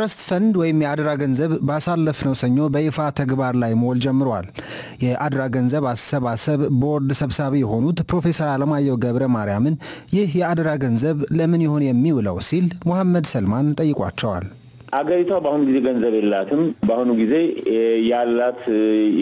ትረስት ፈንድ ወይም የአድራ ገንዘብ ባሳለፍነው ሰኞ በይፋ ተግባር ላይ መወል ጀምሯል። የአድራ ገንዘብ አሰባሰብ ቦርድ ሰብሳቢ የሆኑት ፕሮፌሰር አለማየሁ ገብረ ማርያምን ይህ የአድራ ገንዘብ ለምን ይሆን የሚውለው ሲል ሙሐመድ ሰልማን ጠይቋቸዋል። አገሪቷ በአሁኑ ጊዜ ገንዘብ የላትም። በአሁኑ ጊዜ ያላት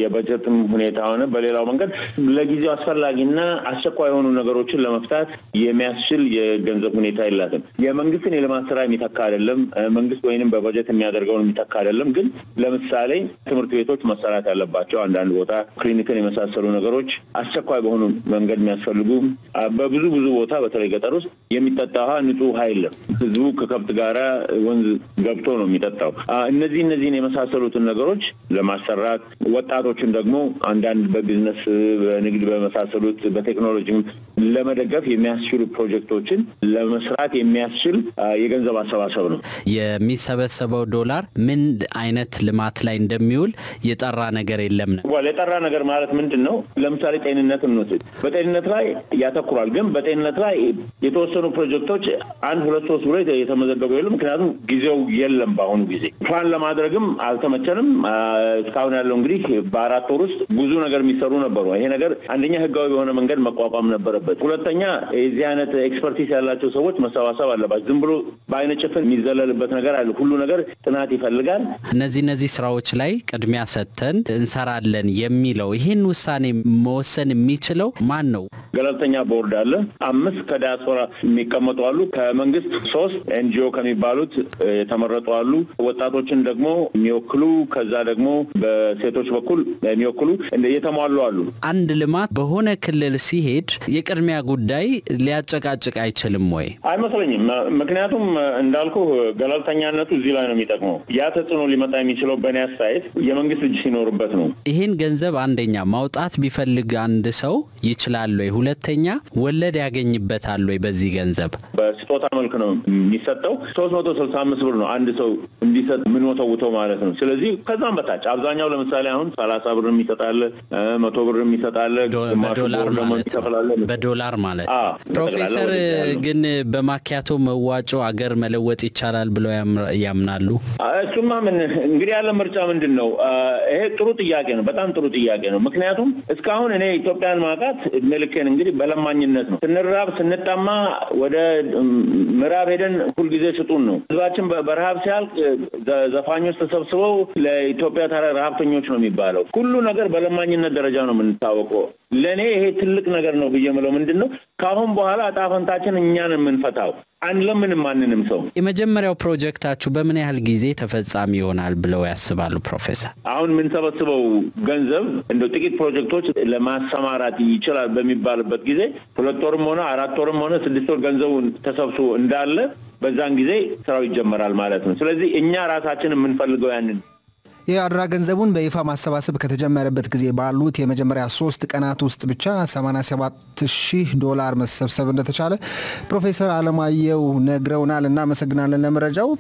የበጀትም ሁኔታ ሆነ በሌላው መንገድ ለጊዜው አስፈላጊና አስቸኳይ የሆኑ ነገሮችን ለመፍታት የሚያስችል የገንዘብ ሁኔታ የላትም። የመንግስትን የልማት ስራ የሚተካ አይደለም። መንግስት ወይንም በበጀት የሚያደርገውን የሚተካ አይደለም። ግን ለምሳሌ ትምህርት ቤቶች መሰራት ያለባቸው አንዳንድ ቦታ ክሊኒክን የመሳሰሉ ነገሮች አስቸኳይ በሆኑ መንገድ የሚያስፈልጉ በብዙ ብዙ ቦታ በተለይ ገጠር ውስጥ የሚጠጣ ውሃ ንጹህ ውሃ የለም። ህዝቡ ከከብት ጋራ ወንዝ ገብቶ ነው የሚጠጣው። እነዚህ እነዚህን የመሳሰሉትን ነገሮች ለማሰራት ወጣቶችን ደግሞ አንዳንድ በቢዝነስ በንግድ በመሳሰሉት በቴክኖሎጂም ለመደገፍ የሚያስችሉ ፕሮጀክቶችን ለመስራት የሚያስችል የገንዘብ አሰባሰብ ነው። የሚሰበሰበው ዶላር ምን አይነት ልማት ላይ እንደሚውል የጠራ ነገር የለም ነው። የጠራ ነገር ማለት ምንድን ነው? ለምሳሌ ጤንነት እንወስድ። በጤንነት ላይ ያተኩራል። ግን በጤንነት ላይ የተወሰኑ ፕሮጀክቶች አንድ ሁለት ሶስት ብሎ የተመዘገበ የሉ ምክንያቱም ጊዜው የለም አይደለም በአሁኑ ጊዜ ፕላን ለማድረግም አልተመቸንም። እስካሁን ያለው እንግዲህ በአራት ወር ውስጥ ብዙ ነገር የሚሰሩ ነበሩ። ይሄ ነገር አንደኛ ህጋዊ በሆነ መንገድ መቋቋም ነበረበት። ሁለተኛ የዚህ አይነት ኤክስፐርቲስ ያላቸው ሰዎች መሰባሰብ አለባቸው። ዝም ብሎ በአይነ ጭፍን የሚዘለልበት ነገር አለ። ሁሉ ነገር ጥናት ይፈልጋል። እነዚህ እነዚህ ስራዎች ላይ ቅድሚያ ሰጥተን እንሰራለን የሚለው ይህን ውሳኔ መወሰን የሚችለው ማን ነው? ገለልተኛ ቦርድ አለ። አምስት ከዲያስፖራ የሚቀመጡ አሉ። ከመንግስት ሶስት ኤንጂኦ ከሚባሉት የተመረጡ አሉ። ወጣቶችን ደግሞ የሚወክሉ ከዛ ደግሞ በሴቶች በኩል የሚወክሉ የተሟሉ አሉ። አንድ ልማት በሆነ ክልል ሲሄድ የቅድሚያ ጉዳይ ሊያጨቃጭቅ አይችልም ወይ? አይመስለኝም። ምክንያቱም እንዳልኩ ገለልተኛነቱ እዚህ ላይ ነው የሚጠቅመው። ያ ተጽዕኖ ሊመጣ የሚችለው በእኔ አስተያየት የመንግስት እጅ ሲኖርበት ነው። ይህን ገንዘብ አንደኛ ማውጣት ቢፈልግ አንድ ሰው ይችላል ወይ? ሁለተኛ ወለድ ያገኝበታል ወይ? በዚህ ገንዘብ በስጦታ መልክ ነው የሚሰጠው። ሶስት መቶ ስልሳ አምስት ብር ነው አንድ ሰው ሰው እንዲሰጥ የምንወተውተው ማለት ነው። ስለዚህ ከዛም በታች አብዛኛው ለምሳሌ አሁን ሰላሳ ብር የሚሰጣለ መቶ ብር የሚሰጣለ በዶላር ማለት ፕሮፌሰር ግን በማኪያቶ መዋጮ አገር መለወጥ ይቻላል ብለው ያምናሉ? እሱማ ምን እንግዲህ ያለ ምርጫ ምንድን ነው? ይሄ ጥሩ ጥያቄ ነው። በጣም ጥሩ ጥያቄ ነው። ምክንያቱም እስካሁን እኔ ኢትዮጵያን ማውቃት እድሜ ልኬን እንግዲህ በለማኝነት ነው። ስንራብ ስንጠማ ወደ ምዕራብ ሄደን ሁልጊዜ ስጡን ነው ህዝባችን በረሃብ ሲያ ሲያልቅ ዘፋኞች ተሰብስበው ለኢትዮጵያ ታዲያ ረሀብተኞች ነው የሚባለው። ሁሉ ነገር በለማኝነት ደረጃ ነው የምንታወቀው። ለእኔ ይሄ ትልቅ ነገር ነው ብዬ ምለው ምንድን ነው ከአሁን በኋላ እጣ እኛን የምንፈታው አንለምንም ማንንም ሰው። የመጀመሪያው ፕሮጀክታችሁ በምን ያህል ጊዜ ተፈጻሚ ይሆናል ብለው ያስባሉ ፕሮፌሰር? አሁን የምንሰበስበው ገንዘብ እንደ ጥቂት ፕሮጀክቶች ለማሰማራት ይችላል በሚባልበት ጊዜ ሁለት ወርም ሆነ አራት ወርም ሆነ ስድስት ወር ገንዘቡን ተሰብስቦ እንዳለ በዛን ጊዜ ስራው ይጀመራል ማለት ነው። ስለዚህ እኛ ራሳችን የምንፈልገው ያንን የአድራ ገንዘቡን በይፋ ማሰባሰብ ከተጀመረበት ጊዜ ባሉት የመጀመሪያ ሶስት ቀናት ውስጥ ብቻ 87 ሺህ ዶላር መሰብሰብ እንደተቻለ ፕሮፌሰር አለማየሁ ነግረውናል። እናመሰግናለን ለመረጃው።